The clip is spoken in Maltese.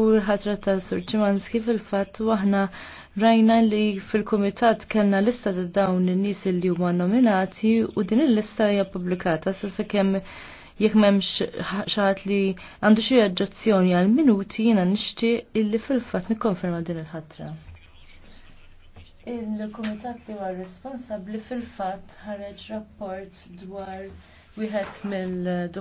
u l-ħatra ta' Sur Ċimanski fil-fatt waħna rajna li fil-komitat kellna lista ta' dawn in-nies li huma nominati u din il-lista hija pubblikata sa sakemm jekk m'hemmx xaħat li għandu xi oġġezzjoni għal minuti jiena nixtieq illi fil-fatt nikkonferma din il-ħatra. Il-komitat li huwa responsabbli fil-fatt ħareġ rapport dwar wieħed mill